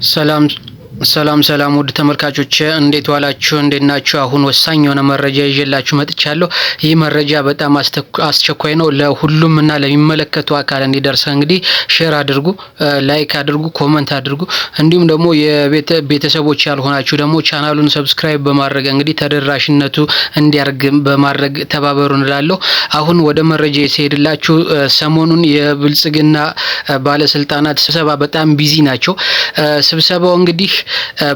Selam ሰላም ሰላም ውድ ተመልካቾች እንዴት ዋላችሁ? እንዴት ናችሁ? አሁን ወሳኝ የሆነ መረጃ ይዤላችሁ መጥቻለሁ። ይህ መረጃ በጣም አስቸኳይ ነው። ለሁሉም እና ለሚመለከቱ አካል እንዲደርስ እንግዲህ ሼር አድርጉ፣ ላይክ አድርጉ፣ ኮመንት አድርጉ። እንዲሁም ደግሞ የቤተሰቦች ያልሆናችሁ ደግሞ ቻናሉን ሰብስክራይብ በማድረግ እንግዲህ ተደራሽነቱ እንዲያርግ በማድረግ ተባበሩ እንላለሁ። አሁን ወደ መረጃ የሲሄድላችሁ ሰሞኑን የብልጽግና ባለስልጣናት ስብሰባ በጣም ቢዚ ናቸው። ስብሰባው እንግዲህ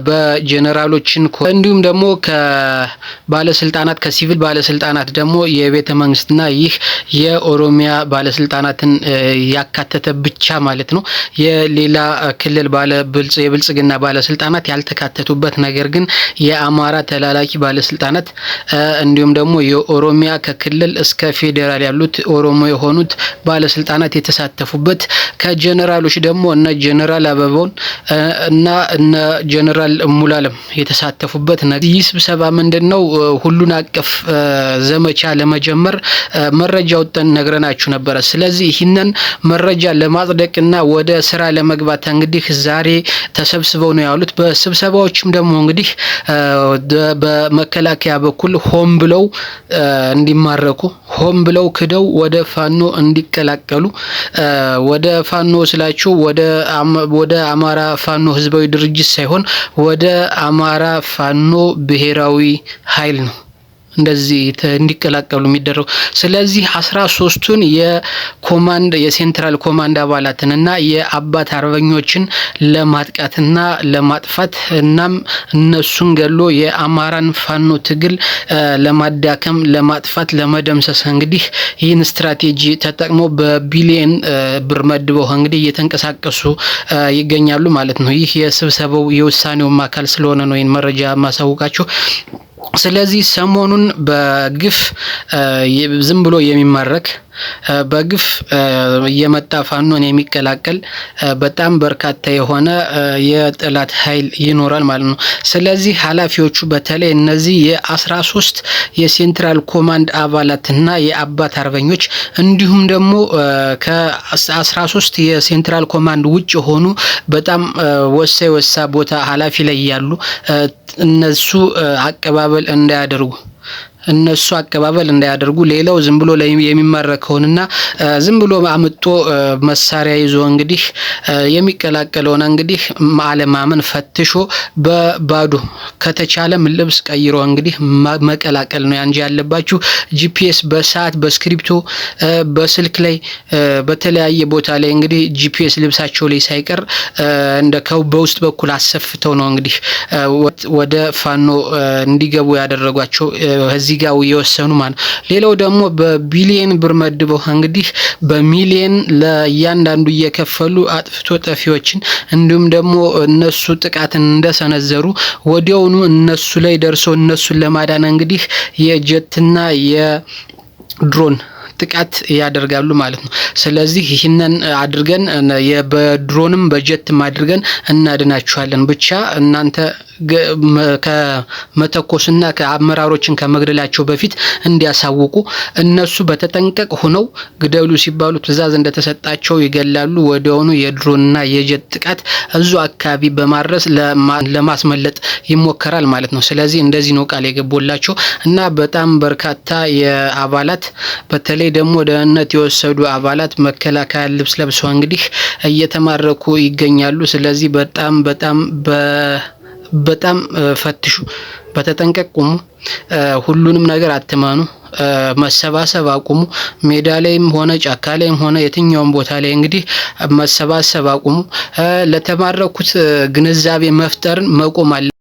በጀነራሎችን እንዲሁም ደግሞ ከባለስልጣናት ከሲቪል ባለስልጣናት ደግሞ የቤተ መንግስትና ይህ የኦሮሚያ ባለስልጣናትን ያካተተ ብቻ ማለት ነው። የሌላ ክልል የብልጽግና ባለስልጣናት ያልተካተቱበት ነገር ግን የአማራ ተላላኪ ባለስልጣናት እንዲሁም ደግሞ የኦሮሚያ ከክልል እስከ ፌዴራል ያሉት ኦሮሞ የሆኑት ባለስልጣናት የተሳተፉበት ከጀነራሎች ደግሞ እነ ጀነራል አበበውን እና እነ ጀነራል ሙላለም የተሳተፉበት ይህ ስብሰባ ምንድን ነው? ሁሉን አቀፍ ዘመቻ ለመጀመር መረጃ ወጥተን ነግረናችሁ ነበረ። ስለዚህ ይህንን መረጃ ለማጽደቅና ወደ ስራ ለመግባት እንግዲህ ዛሬ ተሰብስበው ነው ያሉት። በስብሰባዎችም ደግሞ እንግዲህ በመከላከያ በኩል ሆም ብለው እንዲማረኩ ሆም ብለው ክደው ወደ ፋኖ እንዲቀላቀሉ ወደ ፋኖ ስላችሁ ወደ አማራ ፋኖ ህዝባዊ ድርጅት ሳይሆን ሳይሆን ወደ አማራ ፋኖ ብሔራዊ ኃይል ነው። እንደዚህ እንዲቀላቀሉ የሚደረጉ። ስለዚህ አስራ ሶስቱን የኮማንድ የሴንትራል ኮማንድ አባላትን እና የአባት አርበኞችን ለማጥቃትና ለማጥፋት እናም እነሱን ገሎ የአማራን ፋኖ ትግል ለማዳከም፣ ለማጥፋት፣ ለመደምሰስ እንግዲህ ይህን ስትራቴጂ ተጠቅሞ በቢሊየን ብር መድበው እንግዲህ እየተንቀሳቀሱ ይገኛሉ ማለት ነው። ይህ የስብሰባው የውሳኔውም አካል ስለሆነ ነው ይህን መረጃ ማሳወቃችሁ። ስለዚህ ሰሞኑን በግፍ ዝም ብሎ የሚማረክ በግፍ እየመጣ ፋኖን የሚቀላቀል በጣም በርካታ የሆነ የጠላት ኃይል ይኖራል ማለት ነው። ስለዚህ ኃላፊዎቹ በተለይ እነዚህ የአስራ ሶስት የሴንትራል ኮማንድ አባላትና የአባት አርበኞች እንዲሁም ደግሞ ከአስራ ሶስት የሴንትራል ኮማንድ ውጭ የሆኑ በጣም ወሳኝ ወሳ ቦታ ኃላፊ ላይ ያሉ እነሱ አቀባበል እንዳያደርጉ እነሱ አቀባበል እንዳያደርጉ። ሌላው ዝም ብሎ የሚመረቅ ዝም ብሎ አምጦ መሳሪያ ይዞ እንግዲህ የሚቀላቀለውና እንግዲህ አለማመን ፈትሾ በባዶ ከተቻለም ልብስ ቀይሮ እንግዲህ መቀላቀል ነው ያንጂ ያለባችሁ። ጂፒኤስ በሰዓት በስክሪፕቶ በስልክ ላይ በተለያየ ቦታ ላይ እንግዲህ ጂፒኤስ ልብሳቸው ላይ ሳይቀር እንደ ከው በውስጥ በኩል አሰፍተው ነው እንግዲህ ወደ ፋኖ እንዲገቡ ያደረጓቸው። እዚህ ጋር የወሰኑ ማለት ሌላው ደግሞ በቢሊየን ብር መድበው እንግዲህ በሚሊየን ለእያንዳንዱ እየከፈሉ አጥፍቶ ጠፊዎችን እንዲሁም ደግሞ እነሱ ጥቃትን እንደሰነዘሩ ወዲያውኑ እነሱ ላይ ደርሰው እነሱን ለማዳን እንግዲህ የጀትና የድሮን ጥቃት ያደርጋሉ ማለት ነው። ስለዚህ ይህንን አድርገን በድሮንም በጀትም አድርገን እናድናችኋለን። ብቻ እናንተ ከመተኮስና ከአመራሮችን ከመግደላቸው በፊት እንዲያሳውቁ እነሱ በተጠንቀቅ ሆነው ግደሉ ሲባሉ ትዕዛዝ እንደተሰጣቸው ይገላሉ። ወዲያውኑ የድሮንና የጀት ጥቃት እዙ አካባቢ በማድረስ ለማስመለጥ ይሞከራል ማለት ነው። ስለዚህ እንደዚህ ነው ቃል የገቦላቸው እና በጣም በርካታ የአባላት በተለይ ደግሞ ደህንነት የወሰዱ አባላት መከላከያ ልብስ ለብሰው እንግዲህ እየተማረኩ ይገኛሉ። ስለዚህ በጣም በጣም በ በጣም ፈትሹ፣ በተጠንቀቅ ቁሙ። ሁሉንም ነገር አትመኑ። መሰባሰብ አቁሙ። ሜዳ ላይም ሆነ ጫካ ላይም ሆነ የትኛውም ቦታ ላይ እንግዲህ መሰባሰብ አቁሙ። ለተማረኩት ግንዛቤ መፍጠርን መቆም አለ